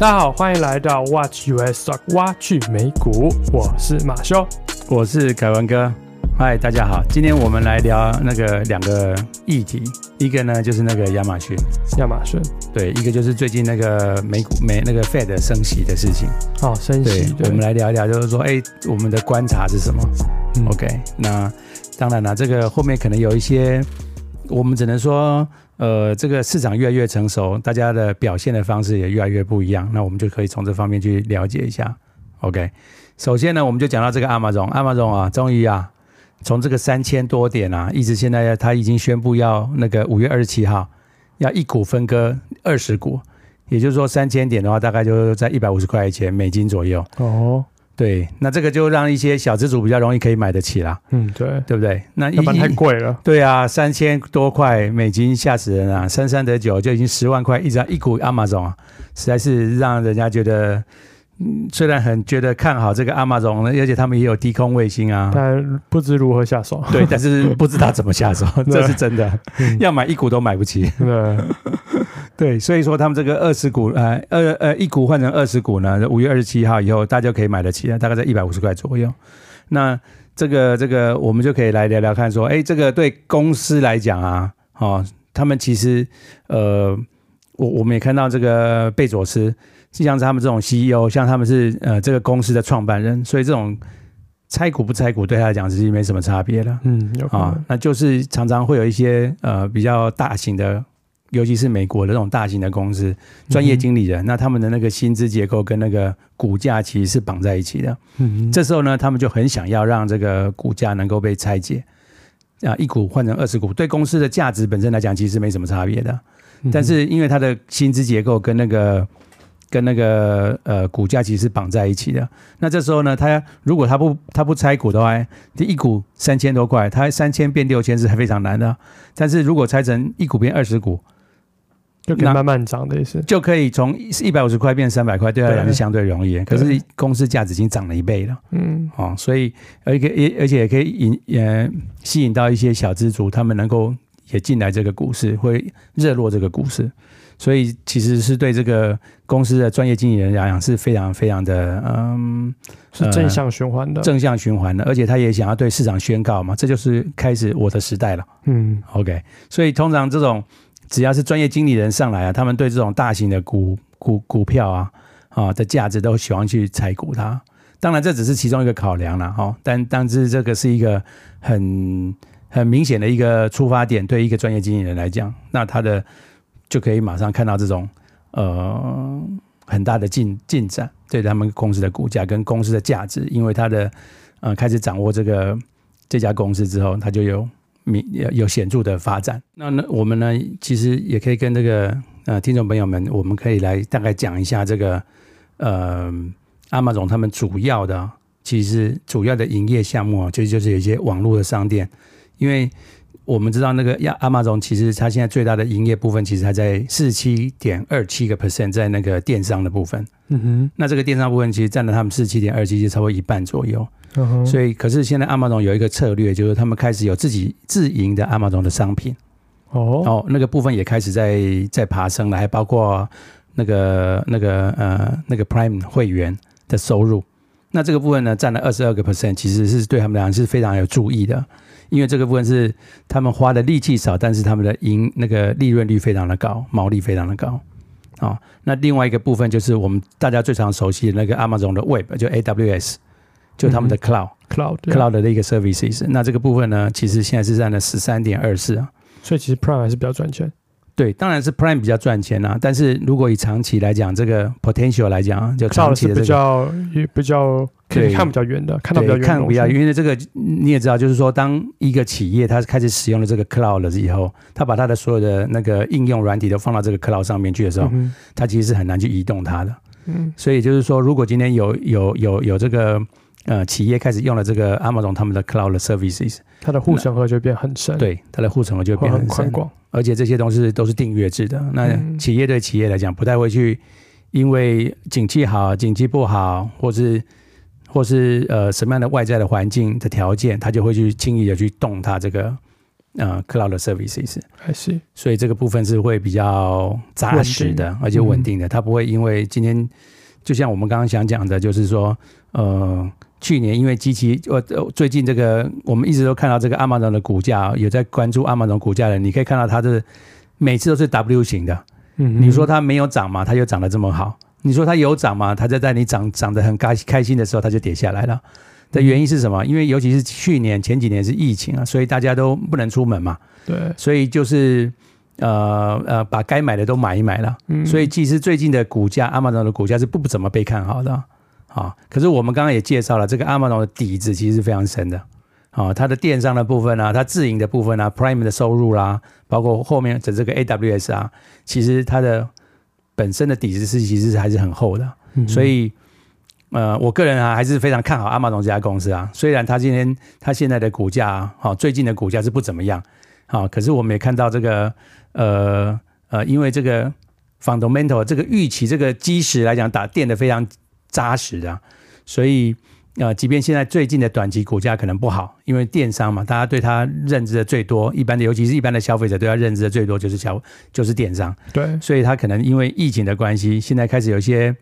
大家好，歡迎來到 Watch US，啊，挖去美股，我是馬修，我是凱文哥。嗨，大家好，今天我們來聊那個兩個議題，一個呢就是那個亞馬遜，亞馬遜，對，一個就是最近那個美股美那個 Fed 升息的事情。哦，升息，對，對。我們來聊一聊，就是說，哎，我們的觀察是什麼？嗯，OK，那當然了，這個後面可能有一些，我們只能說。呃，這個市場越來越成熟，大家的表現的方式也越來越不一樣。那我們就可以從這方面去了解一下。OK，首先呢，我們就講到這個亞馬遜，亞馬遜啊，終於啊，從這個三千多點啊，一直現在他已經宣布要那個五月二十七號要一股分割二十股，也就是說三千點的話，大概就在一百五十塊錢美金左右。哦，哦。對，那這個就讓一些小資族比較容易可以買得起啦。嗯，對，對不對？那一般太貴了。對啊，三千多塊美金嚇死人啊。三三得九就已經十萬塊一，一張一股亞馬遜，實在是讓人家覺得，嗯，雖然很覺得看好這個亞馬遜，而且他們也有低空衛星啊，但不知如何下手。對，但是不知道怎麼下手，這是真的，要買一股都買不起。對。 對，所以說他們這個二十股，呃，二呃，一股換成二十股呢，五月二十七號以後，大家就可以買得起了，大概在一百五十塊左右。那這個這個，我們就可以來聊聊看，說，哎、欸，這個對公司來講啊，哈、哦，他們其實，呃，我我們也看到這個貝佐斯，是像是他們這種 CEO，像他們是呃，這個公司的創辦人，所以這種拆股不拆股，對他來講其實沒什麼差別了。嗯，有啊、哦，那就是常常會有一些呃比較大型的。尤其是美國的那種大型的公司，專業經理人、嗯，那他們的那個薪資結構跟那個股價其實是綁在一起的、嗯。這時候呢，他們就很想要讓這個股價能夠被拆解，啊，一股換成二十股，對公司的價值本身來講，其實是沒什麼差別的、嗯。但是因為它的薪資結構跟那個跟那個呃股價其實是綁在一起的，那這時候呢，他如果他不他不拆股的話，這一股三千多塊，它三千變六千是還非常難的。但是如果拆成一股變二十股，就慢慢漲的意思，就可以從一百五十塊變三百塊，對他來講是相對容易。可是公司價值已經漲了一倍了，嗯、喔，哦，所以而也而且也可以引也吸引到一些小資族，他們能夠也進來這個股市，會熱絡這個股市。所以其實是對這個公司的專業經理人來講是非常非常的嗯，是正向循環的、呃，正向循環的。而且他也想要對市場宣告嘛，這就是開始我的時代了。嗯，OK，所以通常這種。只要是專業經理人上來啊，他們對這種大型的股股股票啊啊的價值都喜歡去拆股它。當然，這只是其中一個考量啦。但但是這個是一個很很明顯的一個出發點，對一個專業經理人來講，那他的就可以馬上看到這種呃很大的進進展，對他們公司的股價跟公司的價值，因為他的呃開始掌握這個這家公司之後，他就有。有顯著的發展，那那我們呢，其實也可以跟這個呃聽眾朋友們，我們可以來大概講一下這個呃亞馬遜他們主要的，其實主要的營業項目啊，就就是有一些網絡的商店，因為。我們知道那個亞亞馬遜，其實他現在最大的營業部分其實還在四十七點二七個 percent 在那個電商的部分，嗯哼，那這個電商部分其實占了他們四十七點二七，就超過一半左右，嗯哼，所以可是現在亞馬遜有一個策略，就是他們開始有自己自營的亞馬遜的商品，哦哦，然後那個部分也開始在在爬升了，還包括那個那個呃那個 Prime 會員的收入，那這個部分呢，占了二十二個 percent，其實是對他們倆是非常有注意的。因為這個部分是他們花的力氣少，但是他們的盈那個利潤率非常的高，毛利非常的高，啊、哦，那另外一個部分就是我們大家最常熟悉的那個 Amazon 的 Web，就 AWS，就他們的 Cloud，Cloud，Cloud、嗯、cloud, cloud 的一個 services。那這個部分呢，其實現在是佔了十三點二四啊，所以其實 Prime 還是比較賺錢。對，當然是 Prime 比較賺錢啦、啊。但是如果以長期來講，這個 potential 來講、啊，就長期的、這個、比較也比較可以看比較遠的，看到比較遠的，看比較遠的看比較遠的這個你也知道，就是說，當一個企業它開始使用了這個 Cloud 了以後，它把它的所有的那個應用軟體都放到這個 Cloud 上面去的時候，它、嗯、其實是很難去移動它的。嗯，所以就是說，如果今天有有有有這個。呃，企業開始用了這個 Amazon 他們的 cloud services，它的護城河就會變很深。對，它的護城河就會變很深，會很寬廣，而且這些東西都是訂閱制的。的那企業對企業來講，嗯、不太會去因為景氣好、景氣不好，或是或是呃什麼樣的外在的環境的條件，他就會去輕易的去動它這個呃 cloud services。還是，所以這個部分是會比較紮實的，而且穩定的。它、嗯、不會因為今天，就像我們剛剛想講的，就是說呃。去年因為機器，我最近這個我們一直都看到這個亞馬遜的股價，有在關注亞馬遜股價的人，你可以看到它，就是每次都是 W 型的。嗯，你說它沒有漲嘛？它就漲得這麼好。你說它有漲嘛？它就在你漲漲得很開開心的時候，它就跌下來了。的原因是什麼？因為尤其是去年前幾年是疫情啊，所以大家都不能出門嘛。對，所以就是呃呃，把該買的都買一買了。嗯，所以其實最近的股價，亞馬遜的股價是不不怎麼被看好的。啊！可是我們剛剛也介紹了這個亞馬遜的底子其實是非常深的。啊，它的電商的部分啊，它自營的部分啊，Prime 的收入啦、啊，包括後面的這個 AWS 啊，其實它的本身的底子是其實還是很厚的嗯嗯。所以，呃，我個人啊還是非常看好亞馬遜這家公司啊。雖然它今天它現在的股價啊、哦，最近的股價是不怎麼樣，好、哦，可是我們也看到這個呃呃，因為這個 fundamental 這個預期這個基石來講打墊得非常扎實的，所以呃，即便現在最近的短期股價可能不好，因為電商嘛，大家對它認知的最多，一般的，尤其是一般的消費者對它認知的最多就是消，就是電商，對，所以他可能因為疫情的關係，現在開始有些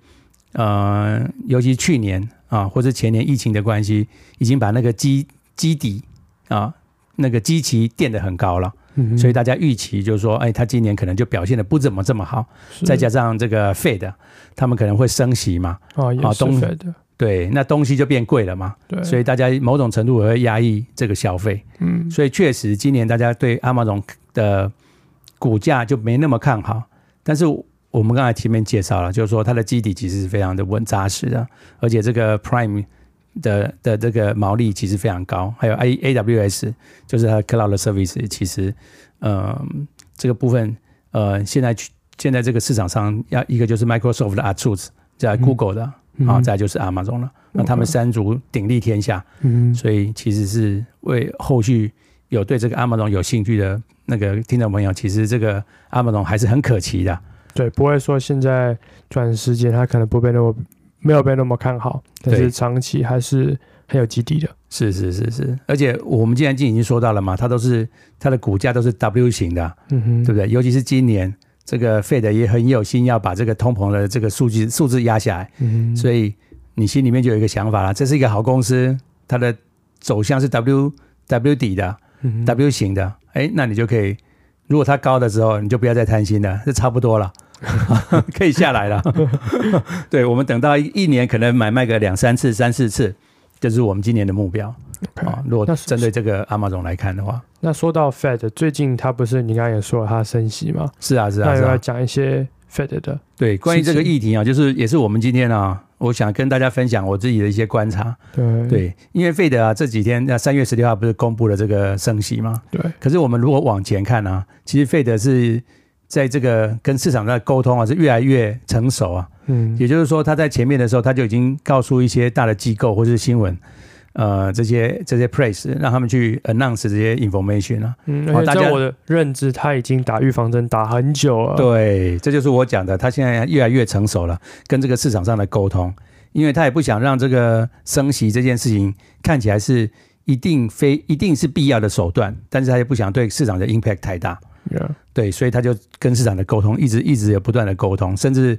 呃，尤其去年啊或是前年疫情的關係，已經把那個基基底啊那個基期墊得很高了。所以大家預期就是說，哎、欸，他今年可能就表現的不怎麼這麼好，再加上這個 Fed 他們可能會升息嘛，啊、哦，東，對，那東西就變貴了嘛，所以大家某種程度也會壓抑這個消費，嗯，所以確實今年大家對 Amazon 的股價就沒那麼看好，但是我們剛才前面介紹了，就是說它的基底其實是非常的穩扎實的，而且這個 Prime。的的這個毛利其實非常高，還有 A A W S 就是它的 cloud 的 service 其實，嗯、呃，這個部分呃，現在去現在這個市場上要一個就是 Microsoft 的 Azure，在 Google 的，然、嗯、後、嗯、再就是 Amazon 了，嗯、那他們三足鼎立天下，嗯，所以其實是為後續有對這個 Amazon 有興趣的那個聽眾朋友，其實這個 Amazon 還是很可期的，對，不會說現在轉時間它可能不被那麼，沒有被那麼看好，但是長期還是很有基底的。是是是是，而且我們既然已經說到了嘛，它都是它的股價都是 W 型的、嗯哼，對不對？尤其是今年這個 Fed 也很有心要把這個通膨的這個數據數字壓下來、嗯哼，所以你心裡面就有一個想法了，這是一個好公司，它的走向是 WW 底的、嗯、，W 型的。哎，那你就可以，如果它高的時候，你就不要再貪心了，這差不多了。 可以下來了 對，對我們等到一年可能買賣個兩三次、三四次，這、就是我們今年的目標啊、okay, 哦。如果針對這個 Amazon 來看的話，那說到 Fed 最近他不是你剛剛也說了他升息嗎？是啊是啊，他是要講一些 Fed 的。對，關於這個議題啊，就是也是我們今天啊，我想跟大家分享我自己的一些觀察。對，對因為 Fed 啊這幾天三月十六號不是公布了這個升息嗎？對，可是我們如果往前看啊，其實 Fed 是。在這個跟市場在溝通啊，是越來越成熟啊。嗯，也就是說，他在前面的時候，他就已經告訴一些大的機構或者是新聞，呃，這些這些 press 讓他們去 announce 這些 information 啊。嗯，好，大家，我的認知，他已經打預防針打很久了。對，這就是我講的，他現在越來越成熟了，跟這個市場上的溝通，因為他也不想讓這個升息這件事情看起來是一定非一定是必要的手段，但是他也不想對市場的 impact 太大。Yeah. 對，所以他就跟市場的溝通，一直一直有不斷的溝通，甚至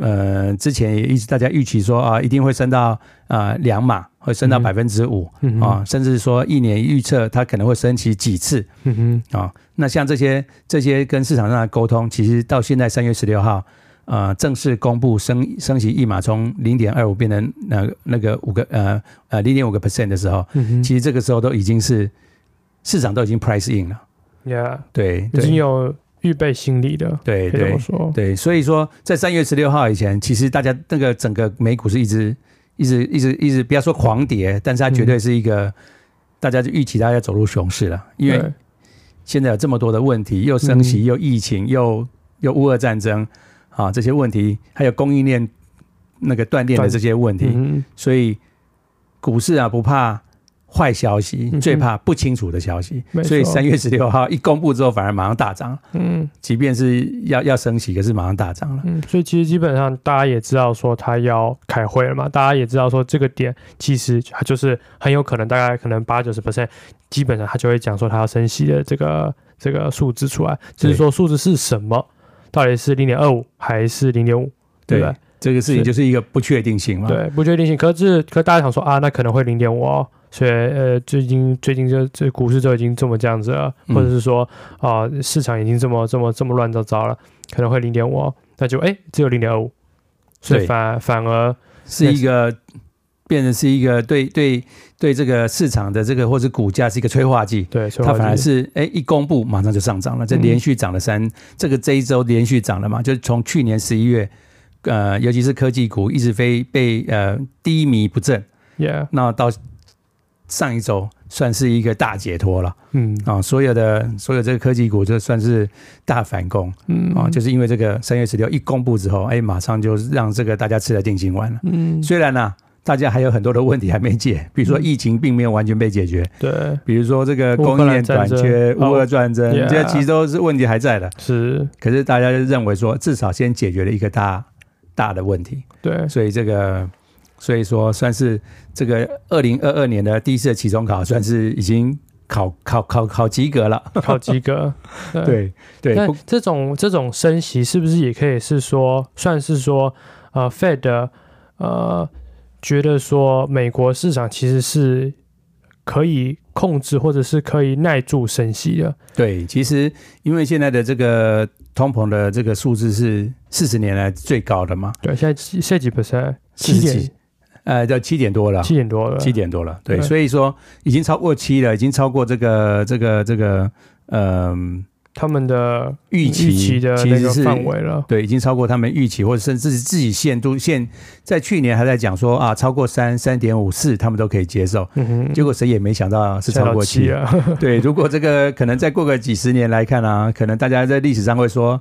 呃，之前也一直大家預期說啊，一定會升到啊呃兩碼，會升到百分之五啊，甚至說一年預測它可能會升起幾次啊，mm -hmm. 哦。那像這些這些跟市場上的溝通，其實到現在三月十六號啊，呃，正式公布升升息一碼從零點二五變成那那個五個呃呃零點五個 percent 的時候，mm -hmm. 其實這個時候都已經是市場都已經 price in 了。Yeah，對，已經有預備心理的，對，這麼說，對，對對所以說，在三月十六號以前，其實大家那個整個美股是一直一直一直一直，一直不要說狂跌，但是它絕對是一個、嗯、大家就預期大家要走入熊市了，因為現在有這麼多的問題，又升息、嗯、又疫情又又烏俄戰爭啊這些問題，還有供應鏈那個斷裂的這些問題，嗯、所以股市啊不怕。壞消息，最怕不清楚的消息，嗯、所以三月十六號一公布之後，反而馬上大漲。嗯，即便是要要升息，可是馬上大漲了。嗯，所以其實基本上大家也知道說他要開會了嘛，大家也知道說這個點其實就是很有可能大概可能八九十 percent，基本上他就會講說他要升息的這個這個數字出來，只是說數字是什麼，到底是零點二五還是零點五？對不對？對，這個事情就是一個不確定性嘛。對，不確定性。可是可是大家想說啊，那可能會零點五哦。所以，呃，最近最近這這股市都已經這麼這樣子了，或者是說，啊、哦，市場已經這麼這麼這麼亂糟糟了，可能會零點五，那就哎、欸，只有零點五，所以反反而是一個，變成是一個對對對這個市場的這個或者是股價是一個催化劑，對，它反而是哎、欸，一公布馬上就上漲了，這連續漲了三、嗯，這個這一周連續漲了嘛，就從去年十一月，呃，尤其是科技股一直飛被呃低迷不振，Yeah，那到。上一周算是一個大解脫了，嗯啊，所有的所有這個科技股就算是大反攻，嗯啊，就是因為這個三月十六一公布之後，哎，馬上就讓這個大家吃了定心丸了，嗯，雖然呢、啊，大家還有很多的問題還沒解，比如說疫情並沒有完全被解決，對，比如說這個供應鏈短缺、烏俄戰爭，這些其實都是問題還在的，是，可是大家就認為說，至少先解決了一個大大的問題，對，所以這個。所以說，算是這個二零二二年的第一次的期中考，算是已經考考考考，考及格了。考及格，對對。但這種這種升息，是不是也可以是說，算是說，呃，Fed 呃覺得說，美國市場其實是可以控制，或者是可以耐住升息的。對，其實因為現在的這個通膨的這個數字是四十年來最高的嘛。對，現在現在幾 percent，幾點。幾呃，就七點多了，七點多了，七點多了，對，對所以說已經超過七了，已經超過這個這個這個，嗯、這個呃，他們的預期、期的範圍了，對，已經超過他們預期，或者甚至是自己限都限，在去年還在講說啊，超過三三點五四他們都可以接受，嗯、哼結果誰也沒想到是超過七啊，對，如果這個可能再過個幾十年來看啊，可能大家在歷史上會說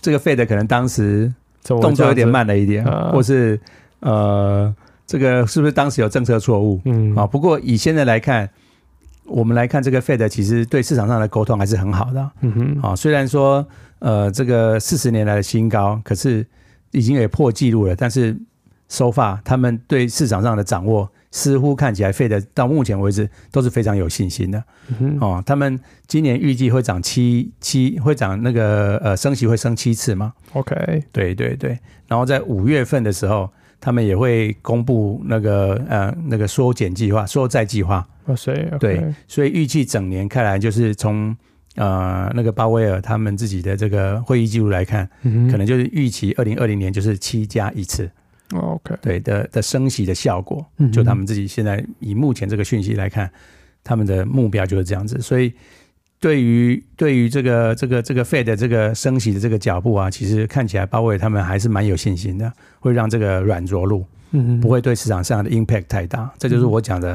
這個 Fed 可能當時動作有點慢了一點，或是呃。這個是不是當時有政策錯誤？嗯啊，不過以現在來看，我們來看這個 Fed 其實對市場上的溝通還是很好的。嗯哼啊，雖然說呃這個四十年來的新高，可是已經也破紀錄了，但是 so far 他們對市場上的掌握。似乎看起來 Fed 到目前為止都是非常有信心的，哦、嗯，他們今年預計會漲七七會漲那個呃升息會升七次嘛？OK，對對對，然後在五月份的時候，他們也會公布那個呃那個縮減計劃、縮債計劃。啊、okay. 誰對，所以預計整年看來就是從呃那個鮑威爾他們自己的這個會議記錄來看，可能就是預期二零二零年就是七加一次。OK，對的的升息的效果，嗯，就他們自己現在以目前這個訊息來看，他們的目標就是這樣子。所以對於對於這個這個這個 Fed 的這個升息的這個腳步啊，其實看起來鮑威爾他們還是蠻有信心的，會讓這個軟着陸，嗯，不會對市場上的 impact 太大。嗯、這就是我講的，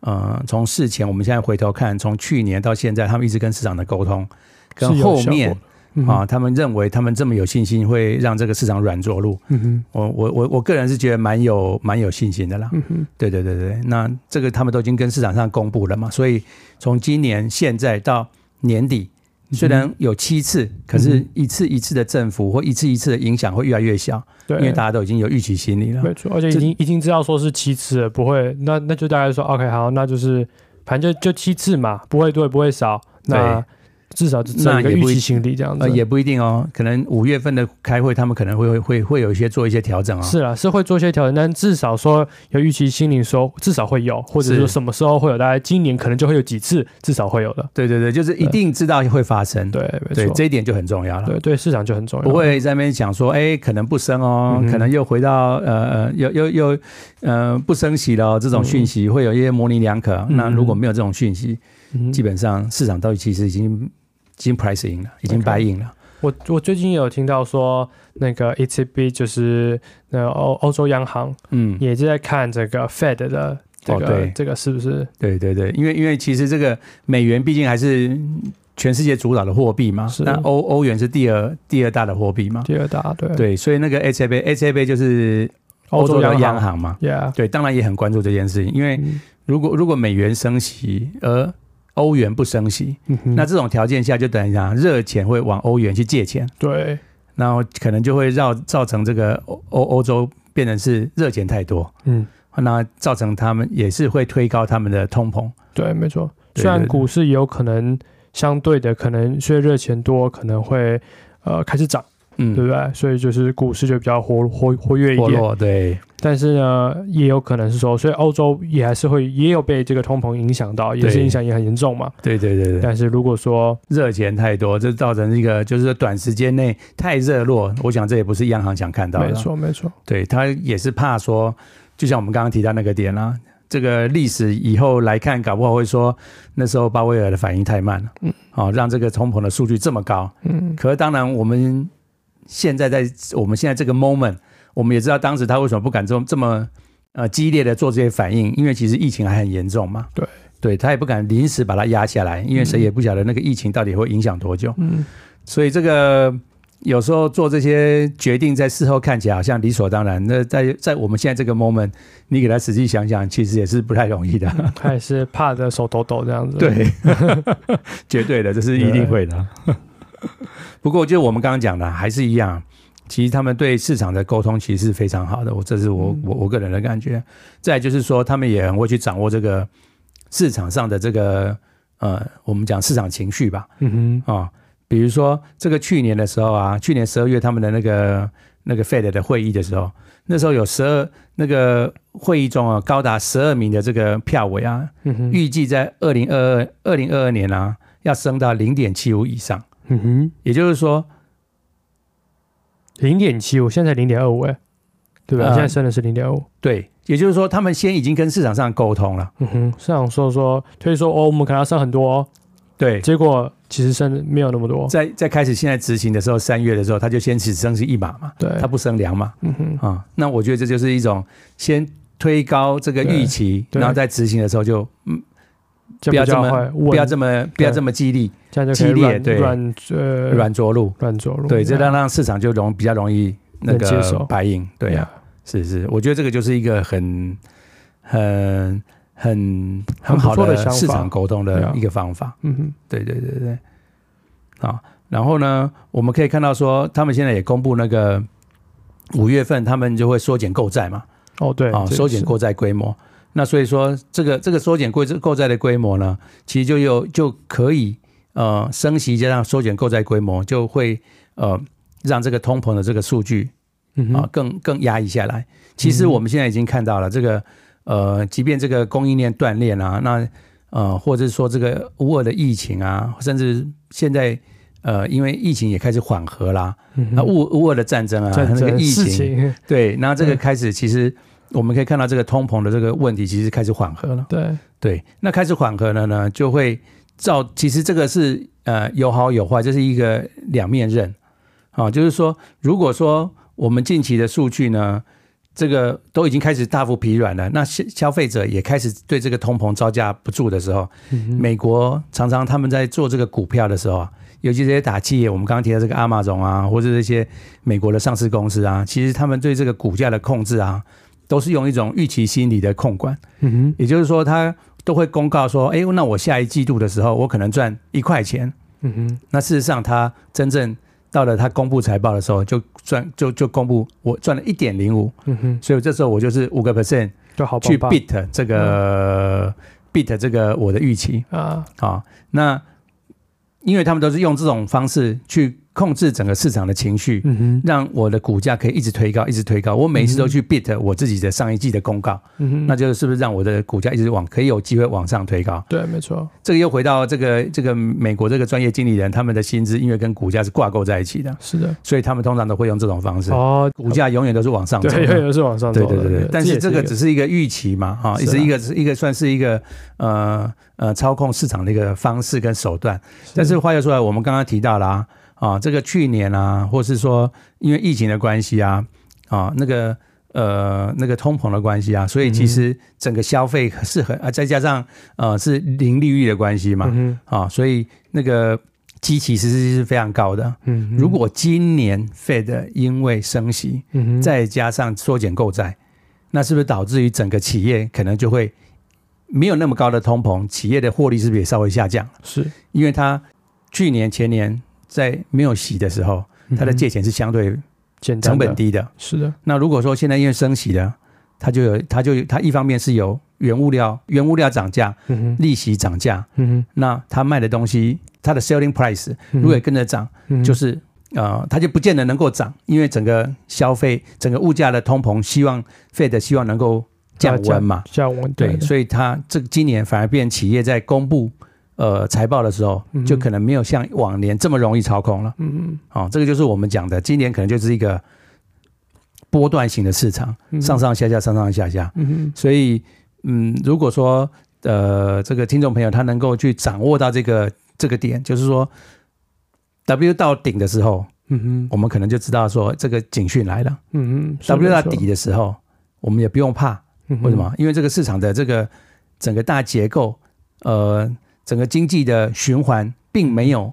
嗯、呃，從事前我們現在回頭看，從去年到現在，他們一直跟市場的溝通，跟後面。啊，他們認為他們這麼有信心，會讓這個市場軟着陸。嗯哼，我我我我個人是覺得蠻有蠻有信心的啦。嗯哼，對對對對，那這個他們都已經跟市場上公布了嘛，所以從今年現在到年底，雖然有七次，嗯、可是一次一次的政府或一次一次的影響會越來越小。對、嗯，因為大家都已經有預期心理了，沒錯，而且已經已經知道說是七次了不會，那那就大家說 OK 好，那就是反正就就七次嘛，不會多不會少。那至少是那個預期心理這樣子也、呃，也不一定哦。可能五月份的開會，他們可能會會會有一些做一些調整啊、哦。是啊，是會做一些調整，但至少說有預期心理，說至少會有，或者說什麼時候會有？大概今年可能就會有幾次，至少會有的。對對對，就是一定知道會發生。對對,對，這一點就很重要了。對對，市場就很重要。不會在那邊講說，哎、欸，可能不升哦，嗯、可能又回到呃呃，又又又嗯、呃、不升息了、哦、這種訊息、嗯，會有一些模棱兩可、嗯。那如果沒有這種訊息、嗯，基本上市場到底其實已經。已經 price in 了，okay. 已經 buy in 了。我我最近有聽到說，那個 ECB 就是那個、歐歐洲央行，嗯，也是在看這個 Fed 的這個、哦、對這個是不是？對對對，因為因為其實這個美元畢竟還是全世界主導的貨幣嘛，那歐歐元是第二第二大的貨幣嘛，第二大對對，所以那個 ECB ECB 就是歐洲央央行嘛，行 yeah. 對，當然也很關注這件事情，因為如果、嗯、如果美元升息而。歐元不升息，嗯、那這種條件下就等於講，熱錢會往歐元去借錢，對，然後可能就會繞造成這個歐歐洲變成是熱錢太多，嗯，那造成他們也是會推高他們的通膨，對，沒錯，雖然股市有可能相對的可能因為熱錢多可能會呃開始漲。嗯，對不對？所以就是股市就比較活活活躍一點活，對。但是呢，也有可能是說，所以歐洲也還是會也有被這個通膨影響到，也是影響也很嚴重嘛。對對對對，對。但是如果說熱錢太多，這造成一、那個就是短時間內太熱絡，我想這也不是央行想看到的。沒錯沒錯。對他也是怕說，就像我們剛剛提到那個點啦、啊嗯，這個歷史以後來看，搞不好會說那時候鮑威爾的反應太慢了，嗯，哦，讓這個通膨的數據這麼高，嗯。可是當然我們。現在在我們現在這個 moment，我們也知道當時他為什麼不敢這麼這麼呃激烈的做這些反應，因為其實疫情還很嚴重嘛。對，對他也不敢臨時把它壓下來，因為誰也不曉得那個疫情到底會影響多久。嗯，所以這個有時候做這些決定，在事後看起來好像理所當然。那在在我們現在這個 moment，你給他仔細想想，其實也是不太容易的。嗯，他也是怕得手抖抖這樣子。對， 絕對的，這是一定會的。 不過，就我們剛剛講的，還是一樣。其實他們對市場的溝通其實是非常好的，我，這是我我我個人的感覺。再就是說，他們也很會去掌握這個市場上的這個呃，我們講市場情緒吧。嗯哼。啊，比如說這個去年的時候啊，去年十二月他們的那個那個 Fed 的會議的時候，那時候有十二那個會議中啊，高達十二名的這個票委啊，預計在二零二二二零二二年啊，要升到零點七五以上。嗯哼，也就是說，零點七五現在才零點二五誒對吧、嗯？現在升的是零點五。對，也就是說，他們先已經跟市場上溝通了。嗯哼，市場說說推說哦，我們可能要升很多、哦。對，結果其實升沒有那麼多。在在開始現在執行的時候，三月的時候，他就先只升是一碼嘛，對，他不升兩嘛。嗯哼啊、嗯，那我覺得這就是一種先推高這個預期，然後在執行的時候就嗯就，不要這麼不要這麼不要這麼激烈。在軟激烈，對軟着軟着陸，軟着陸對，對，這讓讓市場就容比較容易那個銀接受白銀對呀、啊啊、是是我覺得這個就是一個很很很很好的市場溝通的一個方法，法。嗯哼對對對對啊，然後呢，我們可以看到說他們現在也公布那個五月份、嗯、他們就會縮減購債嘛哦，對啊縮減購債規模，那所以說這個這個縮減購債購債的規模呢其實就有就可以。呃，升息加上縮減購債規模，就會呃讓這個通膨的這個數據啊、嗯呃、更更壓抑下來。其實我們現在已經看到了這個呃，即便這個供應鏈斷裂啊，那呃，或者說這個烏俄的疫情啊，甚至現在呃，因為疫情也開始緩和啦，那烏烏俄的戰爭啊，這、那個疫情對，那這個開始其實我們可以看到這個通膨的這個問題其實開始緩和了。對對，那開始緩和了呢，就會。照，其實這個是呃有好有壞，這、就是一個兩面刃啊。就是說，如果說我們近期的數據呢，這個都已經開始大幅疲軟了，那消消費者也開始對這個通膨招架不住的時候、嗯，美國常常他們在做這個股票的時候，尤其這些大企業，我們剛剛提到這個 Amazon 啊，或者這些美國的上市公司啊，其實他們對這個股價的控制啊，都是用一種預期心理的控管。嗯哼，也就是說他。都會公告說，哎、欸，那我下一季度的時候，我可能賺一塊錢。嗯哼，那事實上，他真正到了他公布財報的時候，就賺就就公布，我賺了一點零五。嗯哼，所以這時候我就是五個 percent，就好棒棒去 beat 這個，beat 這個我的預期啊啊、嗯哦。那因為他們都是用這種方式去。控制整個市場的情緒，讓我的股價可以一直推高，一直推高。我每次都去 beat 我自己的上一季的公告，嗯哼，那就是是不是讓我的股價一直往可以有機會往上推高？對，沒錯。這個又回到這個這個美國這個專業經理人他們的薪資，因為跟股價是掛鈎在一起的，是的。所以他們通常都會用這種方式哦，股價永遠都是往上走，永遠是往上走。對對對，對，對，對，但是這個只是一個預期嘛，啊，只是一個一個算是一個呃呃操控市場的一個方式跟手段。是，但是話又說來，我們剛剛提到了，啊。啊，這個去年啊，或是說因為疫情的關係啊，啊，那個呃，那個通膨的關係啊，所以其實整個消費是很啊、嗯，再加上呃是零利率的關係嘛、嗯，啊，所以那個基期其實是非常高的。嗯，如果今年 Fed 因為升息，嗯，再加上縮減購債，那是不是導致於整個企業可能就會沒有那麼高的通膨，企業的獲利是不是也稍微下降了？是，因為它去年前年。在沒有息的時候，它的借錢是相對成本低的。的是的。那如果說現在因為升息了，它就有，它就它一方面是由原物料、原物料漲價，利息漲價，嗯哼，那它賣的東西，它的 selling price 如果也跟着漲、嗯，就是啊、呃，它就不見得能夠漲，因為整個消費、整個物價的通膨，希望 Fed 希望能夠降溫嘛，降溫對，所以它這個今年反而變企業在公布。呃，財報的時候、嗯、就可能沒有像往年這麼容易操控了。嗯嗯、哦，這個就是我們講的，今年可能就是一個波段型的市場，嗯、上上下下，上上下下。嗯所以，嗯，如果說，呃，這個聽眾朋友他能夠去掌握到這個這個點，就是說，W 到頂的時候，嗯嗯我們可能就知道說這個警訊來了。嗯嗯 W 到底的時候，我們也不用怕、嗯。為什麼？因為這個市場的這個整個大結構，呃。整個經濟的循環並沒有，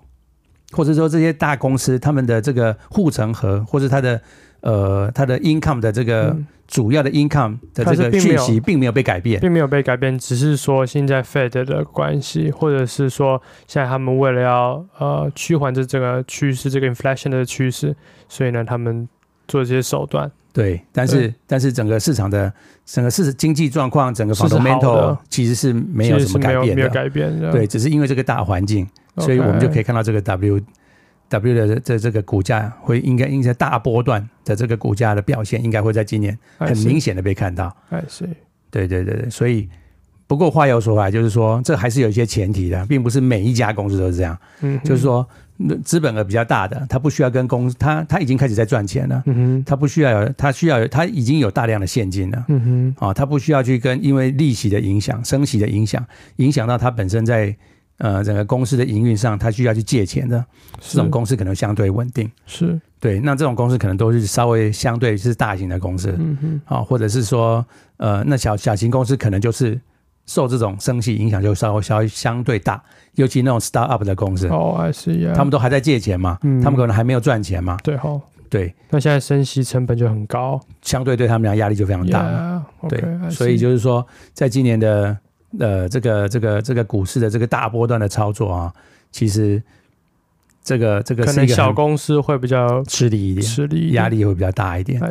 或者說這些大公司他們的這個護城河，或者是他的呃他的 income 的這個、嗯、主要的 income 的這個訊息並沒，並，沒並沒有被改變，並沒有被改變，只是說現在 Fed 的關係，或者是說現在他們為了要呃趨緩這個趨勢，這個 inflation 的趨勢，所以呢他們做這些手段。對，但是但是整個市場的整個市經濟狀況，整個 fundamental 其實是沒有什麼改變，是沒有沒有改變的。對，只是因為這個大環境，所以我們就可以看到這個 W W 的這個、這個股價會應該,應該應該大波段的這個股價的表現，應該會在今年很明顯的被看到。是，對對對對，所以不過話又說回來，就是說這還是有一些前提的，並不是每一家公司都是這樣。嗯，就是說。那資本額比較大的，他不需要跟公司，他他已經開始在賺錢了、嗯哼，他不需要有，他需要有，他已經有大量的現金了，啊、嗯哼，他不需要去跟，因為利息的影響、升息的影響，影響到他本身在呃整個公司的營運上，他需要去借錢的。這種公司可能相對穩定，是，對。那這種公司可能都是稍微相對是大型的公司，啊、嗯哼，或者是說呃，那小小型公司可能就是。受這種升息影響就稍微稍微相對大，尤其那種 start up 的公司，oh, I see, 他們都還在借錢嘛，嗯，他們可能還沒有賺錢嘛，對哈，哦，對。那現在升息成本就很高，相對對他們來講壓力就非常大，yeah, okay, 對。所以就是說，在今年的呃這個這個這個股市的這個大波段的操作啊，其實這個這個，那個可能小公司會比較吃力一點，吃力壓力會比較大一點，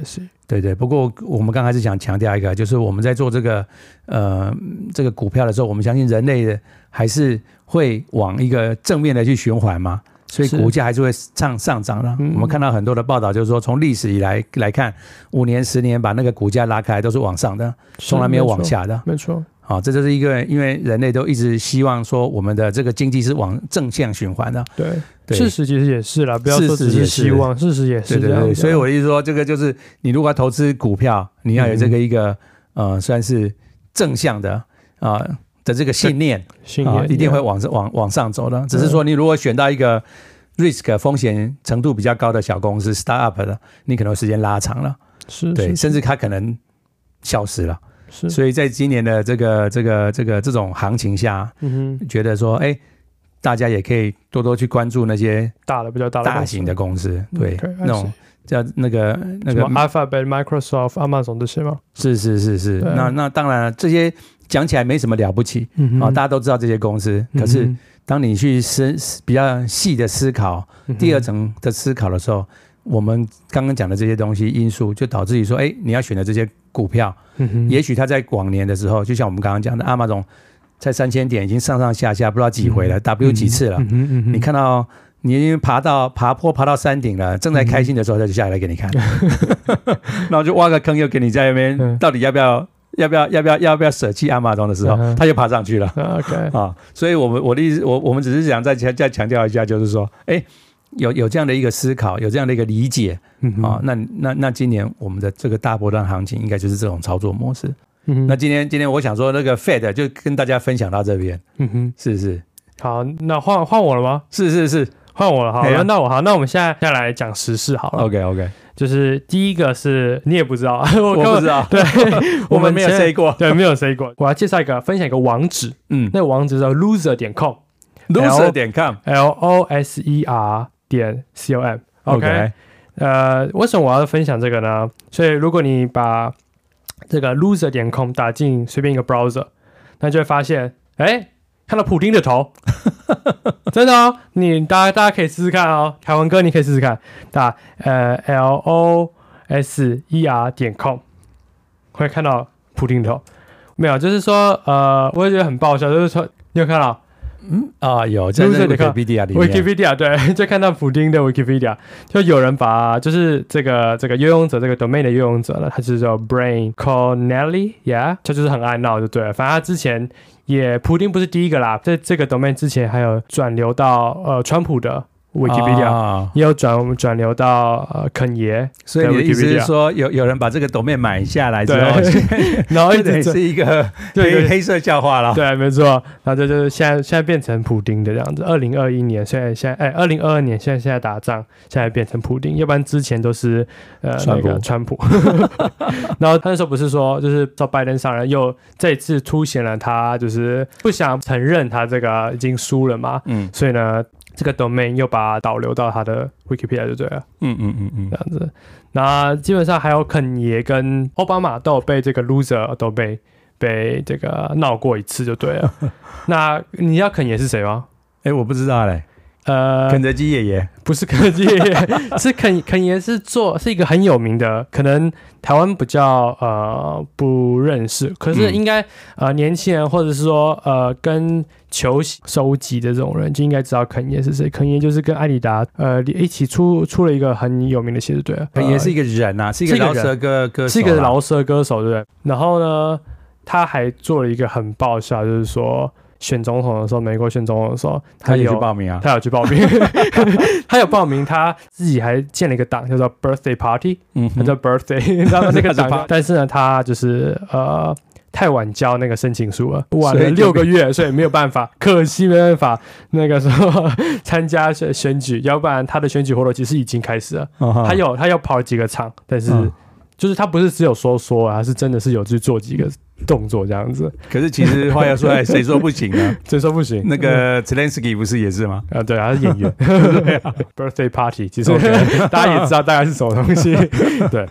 對對，不過我們剛開始想強調一個，就是我們在做這個呃這個股票的時候，我們相信人類的還是會往一個正面的去循環嗎？所以股價還是會上上漲了。我們看到很多的報道，就是說從歷史以來來看，五年、十年把那個股價拉開都是往上的，從來沒有往下的。沒錯。好，這就是一個，因為人類都一直希望說我們的這個經濟是往正向循環的，嗯。嗯嗯、對，對，事實其實也是啦，不要說只是希望，事實也是。對對對。所以我一直說，這個就是你如果要投資股票，你要有這個一個呃，算是正向的啊，呃。的這個信念，信念、念、啊、一定會往上、往往上走的。只是說，你如果選到一個 risk 風險程度比較高的小公司 startup 的，你可能時間拉長了，是，對是，甚至它可能消失了。是，所以在今年的這個、這個、這個這種行情下，嗯、哼覺得說，哎、欸，大家也可以多多去關注那些大的、比較大的大型的公司，嗯、對，okay, 那種叫那個、嗯、那個 Alphabet、Microsoft、Amazon 這些嗎？是是是是，啊、那那當然了，這些。講起來沒什麼了不起，啊，大家都知道這些公司。嗯、可是當你去深比較細的思考，嗯、第二層的思考的時候，嗯、我們剛剛講的這些東西因素，就導致於說，哎、欸，你要選擇這些股票，嗯、也許它在廣年的時候，就像我們剛剛講的，亞馬遜在三千點已經上上下下不知道幾回了、嗯、，w 幾次了、嗯嗯。你看到你爬到爬坡爬到山頂了，正在開心的時候，他就下來給你看，嗯、 然後就挖個坑又給你在那邊、嗯，到底要不要？要不要要不要要不要捨棄亞馬遜的時候，uh -huh. 他就爬上去了。Uh -huh. OK 啊、哦，所以，我們我的意思，我我們只是想再強再強調一下，就是說，哎，有有這樣的一個思考，有這樣的一個理解啊、哦嗯。那那那今年我們的這個大波段行情，應該就是這種操作模式。嗯哼。那今天今天我想說，那個 Fed 就跟大家分享到這邊。嗯哼，是是。好，那換換我了嗎？是是是。那我了，好了，啊、那我好，那我們現在再來講時事好了。OK OK，就是第一個是你也不知道， 我，我不知道，對 我們沒有 say 過， 對沒有 say 過。 我要介紹一個，分享一個網址，嗯，那個網址叫 loser 點 com，loser 點 com，l o s e r 點 c o m。OK，呃，為什麼我要分享這個呢？所以如果你把這個 loser 點 com 打進隨便一個 browser，那就會發現，哎、欸。看到普丁的頭，哈哈哈，真的哦！你大家大家可以試試看哦，凱文哥你可以試試看，打呃 l o s e r 點 com，會看到普丁的頭。沒有，就是說，呃，我也覺得很爆笑，就是說，你有看到。嗯啊、呃、有在在 Wikipedia 裡面是 w i k i p e i y w i k i p e a 對，就看到普丁的 Wikipedia，就有人把就是這個這個擁有者，這個 domain 的擁有者呢，他是叫 Brain Cornelli，yeah，他就是很愛鬧就對了，反正他之前也，普丁不是第一個啦，在這個 domain 之前還有轉流到呃川普的。VQB 掉、啊，又轉轉流到、呃、肯爺，所以你的意思是說，呃 Wikipedia、有有人把這個賭面買下來之後， 然後就這是一個黑對，對，對黑色笑話了。對，沒錯。然後這就，就是現在現在變成普丁的這樣子。二零二一年，現在現在哎，二零二二年現在現在打仗，現在變成普丁，要不然之前都是呃川普川普。那個、川普 然後他那時候不是說就是說拜登上任又這一次凸顯了他就是不想承認他這個已經輸了嘛。嗯，所以呢。這個 domain 又把它導流到他的 Wikipedia 就對了，嗯嗯嗯嗯，這樣子。那基本上還有肯爺跟奧巴馬都有被這個 loser 都被被這個鬧過一次就對了。 那你知道肯爺是誰嗎？哎、欸，我不知道嘞。呃，肯德基爺爺不是肯德基爺爺， 是肯肯爺是做是一個很有名的，可能台灣比較呃不認識，可是應該、嗯、呃年輕人或者是說呃跟球鞋收集的這種人就應該知道肯爺是誰。肯爺就是跟愛迪達呃一起出出了一個很有名的鞋子對了、啊。肯爺是一個人啊，是一個饒舌歌歌手、啊、是一個饒舌歌手對？然後呢，他還做了一個很爆笑，就是說，選總統的時候，美國選總統的時候，他有他也報名啊，他有去報名， 他有報名，他自己還建了一個黨，叫做 Birthday Party，嗯，他叫做 Birthday，、嗯、知道那個黨，但是呢，他就是呃太晚交那個申請書了，晚了六個月，所以沒有辦法，可惜沒辦法那個時候參加選選舉，要不然他的選舉活動其實已經開始了，他有他要跑幾個場，但是、嗯、就是他不是只有說說，啊，他是真的是有去做幾個。動作這樣子，可是其實話要說，哎、欸，誰說不行呢、啊？誰說不行？那個 Zelensky 不是也是嗎？嗯呃、啊，對，他是演員。 對啊、 birthday party，其實我覺得 大家也知道 大概是什麼東西。 對，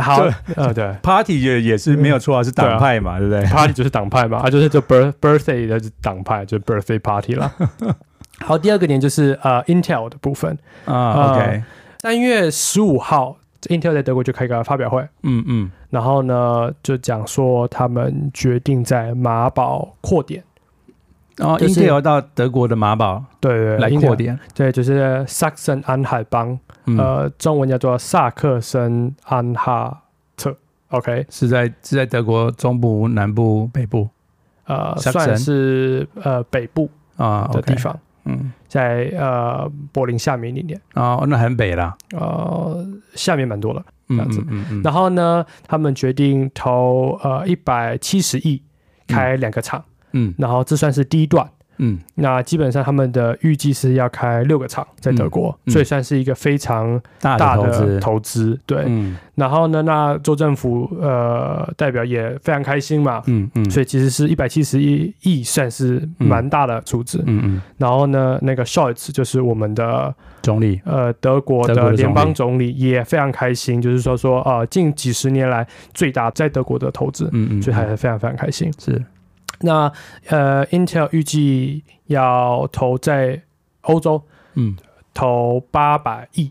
好，呃，對，party 也也是沒有錯啊，是黨派嘛，對不、啊、對、啊對啊？Party 就是黨派嘛，它 就是做 birth, birthday 的黨派，就是、birthday party 啦。 好，第二個點就是呃、uh, Intel 的部分啊。Uh, OK，三、呃、月十五號。Intel 在德國就開一個發表會，嗯嗯，然後呢就講說他們決定在馬堡擴點，然、哦、後、就是、Intel 到德國的馬堡，對對，來擴點，Intel, 對，就是 Saxon 安海邦、嗯，呃，中文叫做薩克森安哈特，OK，是在是在德國中部、南部、北部、呃，算是呃北部啊的地方。哦 okay 嗯，在呃柏林下面一點點啊，那很北了。呃，下面蠻多了，這樣子嗯嗯嗯嗯。然後呢，他們決定投呃一百七十億開兩個廠，嗯，然後這算是第一段。嗯嗯嗯，那基本上他們的預計是要開六個廠在德國，嗯嗯，所以算是一個非常大的投資。對，嗯，然後呢，那州政府呃代表也非常開心嘛。嗯嗯，所以其實是一百七十一億，算是蠻大的出資。嗯嗯，嗯，然後呢，那個 Scholz 就是我們的總理，呃，德國的聯邦總理也非常開心，就是說說啊，呃，近幾十年來最大在德國的投資。嗯嗯，所以還是非常非常開心。是。那呃，Intel 預計要投在歐洲，嗯，投八百億，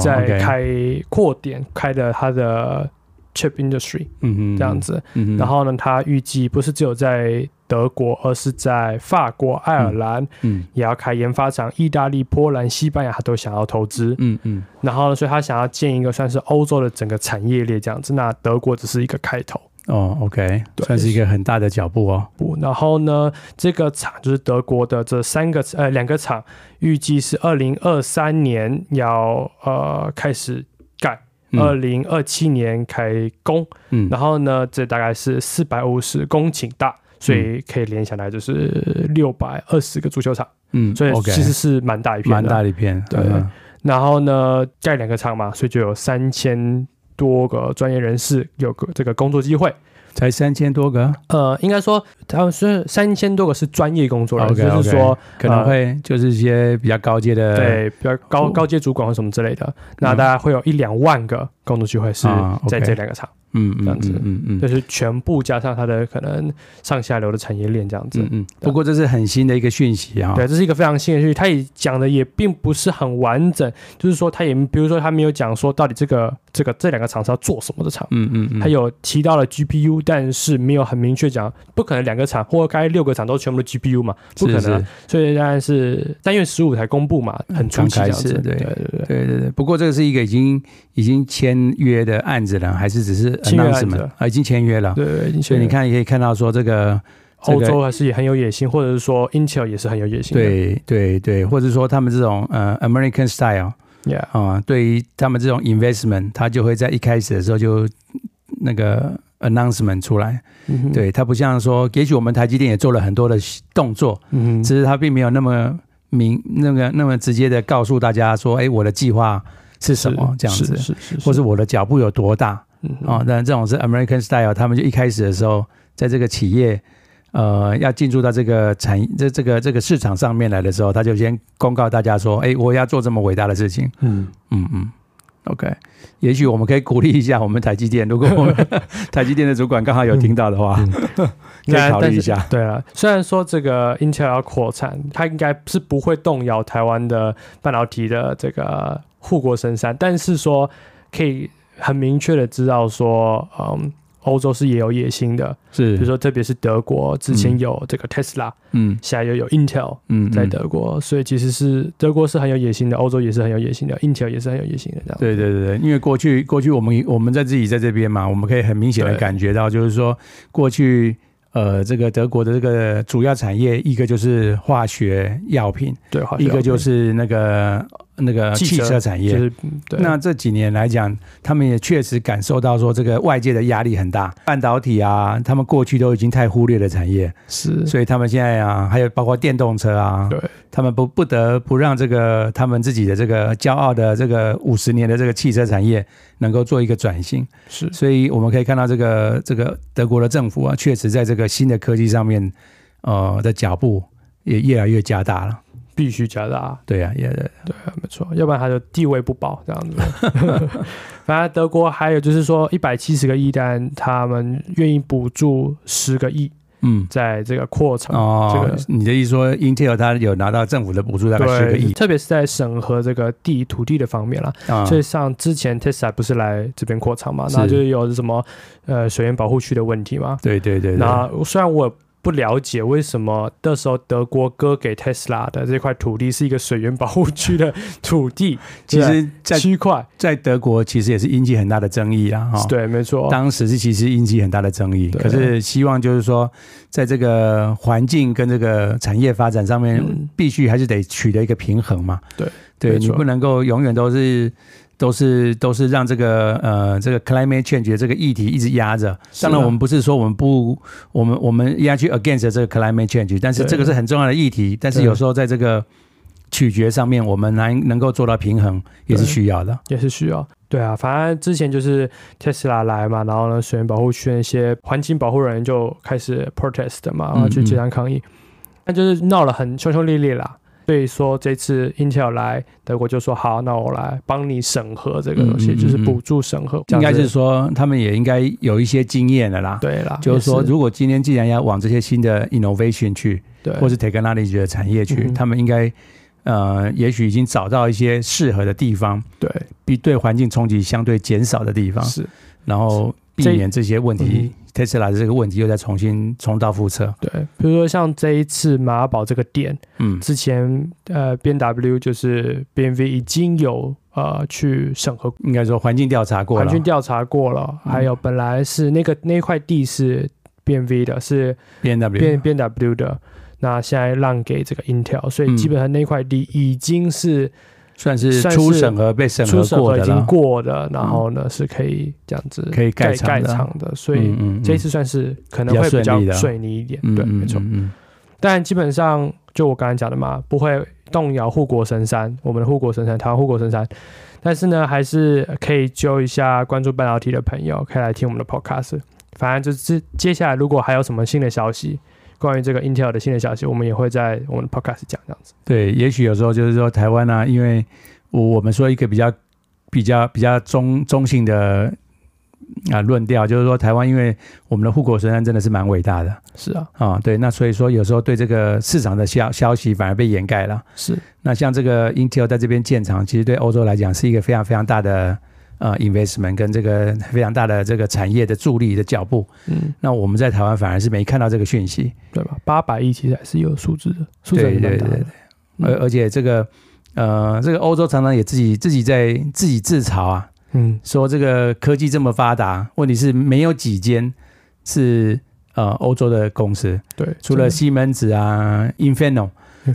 在、哦、開擴點、okay. 開的它的 chip industry，嗯嗯，這樣子。嗯、哼，然後呢，他預計不是只有在德國，而是在法國、愛爾蘭、嗯，嗯，也要開研發廠。意大利、波蘭、西班牙，他都想要投資，嗯嗯。然後呢，所以他想要建一個算是歐洲的整個產業鏈這樣子。那德國只是一個開頭。哦、oh,，OK，算是一個很大的腳步哦。不，然後呢，這個廠就是德國的這三個呃兩個廠，預計是二零二三年要呃開始蓋，二零二七年開工。嗯，然後呢，這大概是四百五十公頃大、嗯，所以可以連下來就是六百二十個足球場。嗯，所以其實是蠻大一片的蠻大一片，對、嗯。然後呢，蓋兩個廠嘛，所以就有三千。多個專業人士有個這個工作機會，才三千多個。呃，應該說他們、呃、是三千多個是專業工作人，就是說可能會就是一些比較高階的，對，比較高高階主管或什麼之類的。哦、那大概會有一兩萬個。嗯嗯共同聚會是在這兩個廠，嗯，這樣子，嗯嗯，就是全部加上它的可能上下游的產業鏈這樣子，嗯，不過這是很新的一個訊息啊，對，這是一個非常新的訊息，他也講的也並不是很完整，就是說他也比如說他沒有講說到底這個這個這兩個廠是要做什麼的廠，嗯嗯，他有提到了 G P U，但是沒有很明確講，不可能兩個廠或該六個廠都是全部的 G P U 嘛，不可能啊，所以當然是三月十五才公布嘛，很出奇，這樣子，對對對對對，不過這個是一個已經已經簽。簽約的案子呢，還是只是 announcement 啊？已經簽約了，對，對，對了，所以你看也可以看到說、這個，這個歐洲還是也很有野心，或者是說 Intel 也是很有野心，對對對，或者說他們這種呃 American style，啊、yeah. 呃，對於他們這種 investment，他就會在一開始的時候就那個 announcement 出來，uh. 對他不像說，也許我們台積電也做了很多的動作，其實他並沒有那麼明那個那麼直接的告訴大家說，哎、欸，我的計劃。是什麼這樣子，是是是是，或是我的腳步有多大，嗯、啊？但這種是 American style，他們就一開始的時候，在這個企業，呃，要進入到這個產業這這個、這個、這個市場上面來的時候，他就先公告大家說，哎、欸，我要做這麼偉大的事情。嗯嗯嗯，OK，也許我們可以鼓勵一下我們台積電，如果我們台積電的主管剛好有聽到的話，可、嗯、以、嗯、考慮一下。對啊，雖然說這個 Intel 要擴產，它應該是不會動搖台灣的半導體的這個。護國神山，但是說可以很明確的知道說，嗯，歐洲是也有野心的，是，比如說特別是德國之前有這個 Tesla 嗯，現在又有，有 Intel，嗯，在德國嗯嗯，所以其實是德國是很有野心的，歐洲也是很有野心的，Intel 也是很有野心的這樣，對對對對，因為過去過去我們我們在自己在這邊嘛，我們可以很明顯的感覺到，就是說過去呃這個德國的這個主要產業，一個就是化學藥品，對化學藥品，一個就是那個。那個汽車產業，就是，那這幾年來講，他們也確實感受到說這個外界的壓力很大。半導體啊，他們過去都已經太忽略了產業，是，所以他們現在啊，還有包括電動車啊，對，他們不不得不讓這個他們自己的這個驕傲的這個五十年的這個汽車產業能夠做一個轉型。是，所以我們可以看到這個這個德國的政府啊，確實在這個新的科技上面，呃，的腳步也越來越加大了。必須加大，對呀、啊、也、yeah, yeah, yeah, 對、啊、沒錯，要不然他就地位不保這樣子。 反正德國還有就是說一百七十個億單，他們願意補助十個億，嗯，在這個擴廠、哦、這個你的意思說英特爾他有拿到政府的補助，大概十個億，特別是在審核這個地土地的方面了、嗯。所以像之前 Tesla 不是來這邊擴廠嘛，那就是有什麼呃水源保護區的問題嘛。對對對，對那，那雖然我。不了解為什麼那時候德國割給特斯拉的這塊土地是一個水源保護區的 土地？其實在區塊在德國其實也是引起很大的爭議啊。對，沒錯。當時是其實引起很大的爭議，可是希望就是說，在這個環境跟這個產業發展上面，必須還是得取得一個平衡嘛。對，對你不能夠永遠都是。都是都是讓這個呃這個 climate change 的這個議題一直壓着。當然我們不是說我們不我們我們壓去 against 這個 climate change，但是這個是很重要的議題。對對對，但是有時候在這個取決上面，我們難能夠做到平衡也是需要的。也是需要。對啊，反正之前就是特斯拉來嘛，然後呢水源保護區那些環境保護人員就開始 protest 嘛，然後去街上抗議，那、嗯嗯、就是鬧得很轟轟烈烈啦。所以說這次 Intel 來德國就說好，那我來幫你審核這個東西，嗯嗯嗯、就是補助審核。應該是說他們也應該有一些經驗的啦。對啦，就是說如果今天既然要往這些新的 innovation 去，對，或是 technology 的產業去，他們應該呃，也許已經找到一些適合的地方，對，比對環境衝擊相對減少的地方，是，然後避免這些問題。特斯拉的這個問題又在重新重蹈覆轍。對，比如說像這一次馬保這個點，嗯，之前呃，B W 就是 B M W 已經有呃去審核，應該說環境調查過了，環境調查過了，嗯，還有本來是那個那塊地是 B M W 的是 B W，B B W 的 B &W，那現在讓給這個 Intel，所以基本上那塊地已經是。算是初審核被審核過的，了初審核已經過的、嗯，然後呢是可以這樣子蓋蓋可以蓋蓋場的嗯嗯嗯，所以這次算是可能會比較順利一點，對，沒、嗯、錯、嗯嗯嗯。但基本上就我剛才講的嘛，不會動搖護國神山，我們的護國神山，台灣護國神山。但是呢，還是可以揪一下關注半導體的朋友，可以來聽我們的 podcast。反正就是接下來如果還有什麼新的消息。關於這個 Intel 的新的消息，我們也會在我們的 Podcast 講這樣子。對，也許有時候就是說台灣呢、啊，因為我我們說一個比較比較比較中中性的啊論調，就是說台灣因為我們的護國神山真的是蠻偉大的。是啊，啊對，那所以說有時候對這個市場的消消息反而被掩蓋了。是，那像這個 Intel 在這邊建廠，其實對歐洲來講是一個非常非常大的。呃，investment 跟這個非常大的這個產業的助力的腳步，嗯，那我們在台灣反而是沒看到這個訊息，對吧？八百億其實還是有數字的，數字蠻大。對對對對，而而且這個呃，這個歐洲常常也自己自己在自己自嘲啊，嗯，說這個科技這麼發達，問題是沒有幾間是呃歐洲的公司，對，除了西門子啊、Infineon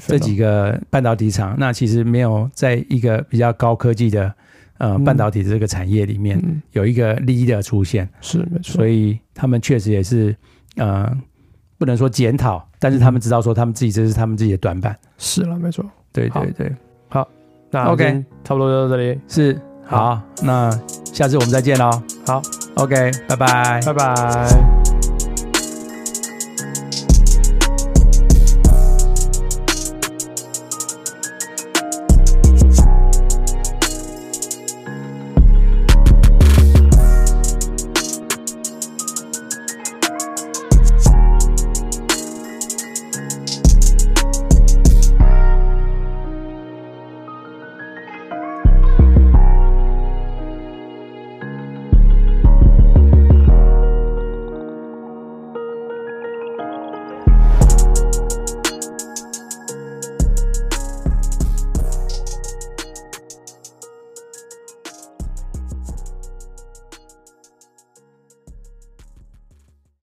這幾個半導體廠，那其實沒有在一個比較高科技的。呃、嗯嗯，半導體的這個產業裡面有一個 leader 的出現，嗯，是，沒錯。所以他們確實也是呃，不能說檢討，但是他們知道說他們自己這是他們自己的短板，嗯、是了、啊，沒錯，對對對，好，對對對好好 okay, 那 OK，差不多就到這裡，是好、啊，那下次我們再見嘍，好，OK，拜拜，拜拜。